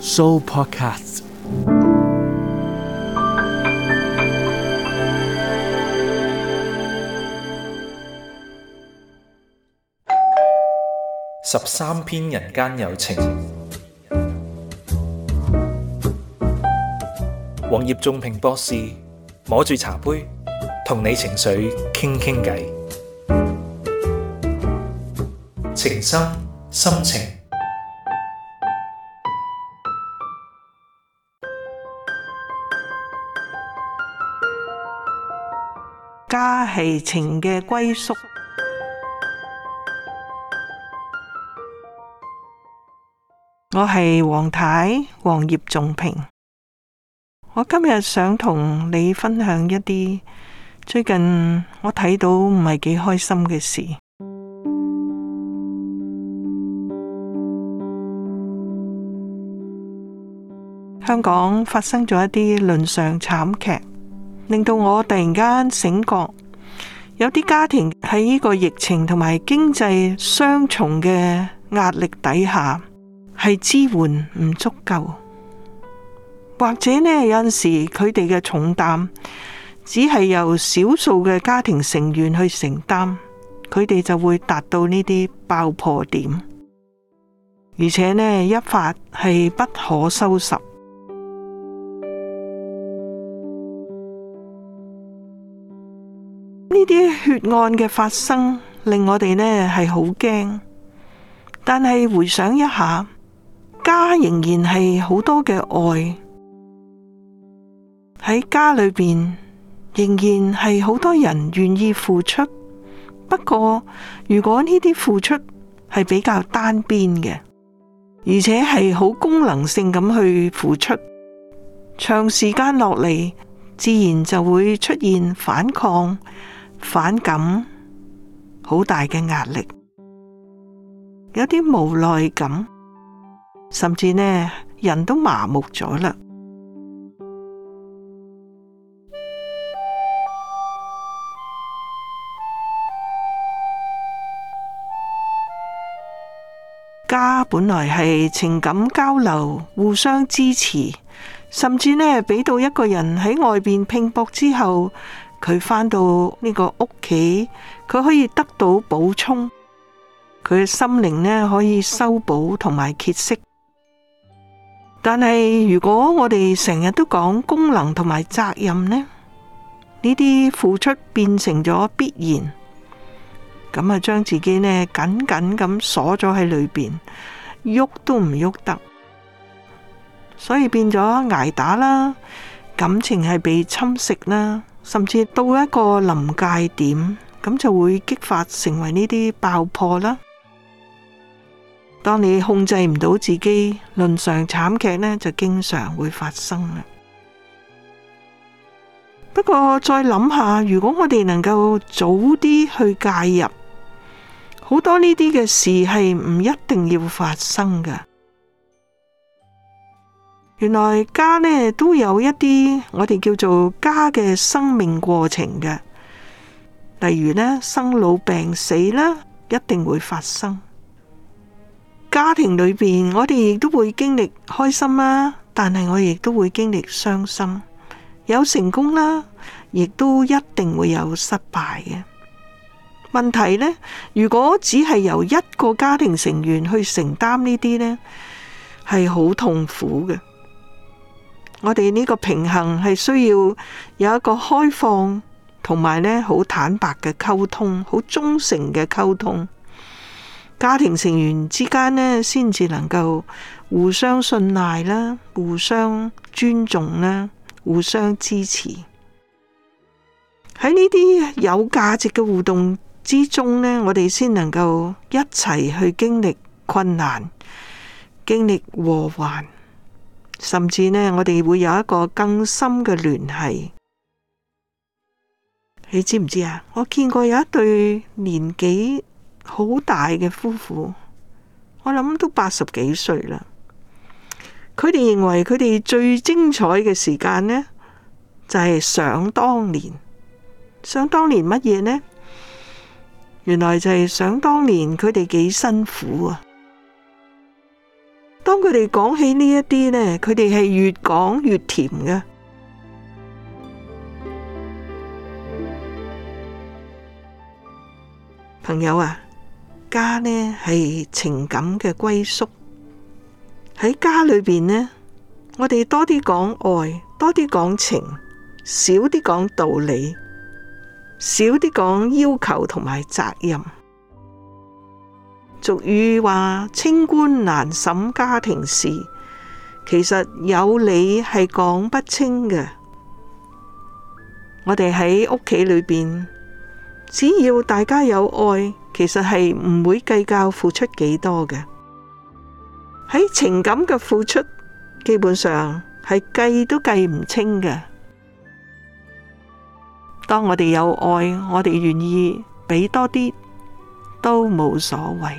Show podcast。十三篇人間有情，王業仲平博士摸住茶杯，同你情緒傾傾偈，情深深情。家係情嘅歸宿，我係黃太黃葉仲平。我今日想同你分享一啲最近我睇到唔係幾開心嘅事。香港發生咗一啲倫常慘劇。令到我突然間醒覺，有啲家庭喺呢個疫情同埋經濟雙重嘅壓力底下，係支援唔足夠，或者呢，有陣時佢哋嘅重擔只係由少數嘅家庭成員去承擔，佢哋就會達到呢啲爆破點，而且呢，一發係不可收拾。呢啲血案嘅發生令我哋呢係好驚，但係回想一下，家仍然係好多嘅愛喺家裏邊，仍然係好多人願意付出。不過，如果呢啲付出係比較單邊嘅，而且係好功能性咁去付出，長時間落嚟，自然就會出現反抗。反感，好大嘅壓力，有啲無奈感，甚至呢人都麻木咗啦。家本來係情感交流，互相支持，甚至呢俾到一個人喺外邊拼搏之後。佢返到呢個屋企，佢可以得到補充，佢嘅心靈呢可以修補同埋歇息。但係如果我哋成日都講功能同埋責任呢，呢啲付出變成咗必然，咁啊將自己呢緊緊咁鎖咗喺裏邊，喐都唔喐得，所以變咗挨打啦，感情係被侵蝕啦。甚至到一個臨界點，咁就會激發成為呢啲爆破啦。當你控制唔到自己，倫常慘劇呢就經常會發生啦。不過再諗下，如果我哋能夠早啲去介入，好多呢啲嘅事係唔一定要發生噶。原來家呢都有一啲我哋叫做家嘅生命過程嘅，例如呢生老病死啦，一定會發生。家庭裏邊我哋亦都會經歷開心啦，但係我亦都會經歷傷心，有成功啦，亦都一定會有失敗嘅。問題呢，如果只係由一個家庭成員去承擔呢啲呢，係好痛苦嘅。我哋呢個平衡係需要有一個開放同埋呢好坦白嘅溝通，好忠誠嘅溝通，家庭成員之間呢，先至能夠互相信賴啦，互相尊重啦，互相支持。喺呢啲有價值嘅互動之中呢，我哋先能夠一齊去經歷困難，經歷禍患。甚至呢，我哋會有一個更深嘅聯繫。你知唔知啊？我見過有一對年紀好大嘅夫婦，我諗都八十幾歲啦。佢哋認為佢哋最精彩嘅時間呢，就係想當年。想當年乜嘢呢？原來就係想當年佢哋幾辛苦啊！當佢哋講起呢一啲呢，佢哋係越講越甜嘅。朋友啊，家呢係情感嘅歸宿，喺家裏邊呢，我哋多啲講愛，多啲講情，少啲講道理，少啲講要求同埋責任。俗語話，清官難審家庭事，其實有理係講不清嘅。我哋喺屋企裏邊，只要大家有愛，其實係唔會計較付出幾多嘅。喺情感嘅付出，基本上係計都計唔清嘅。當我哋有愛，我哋願意俾多啲。都冇所謂。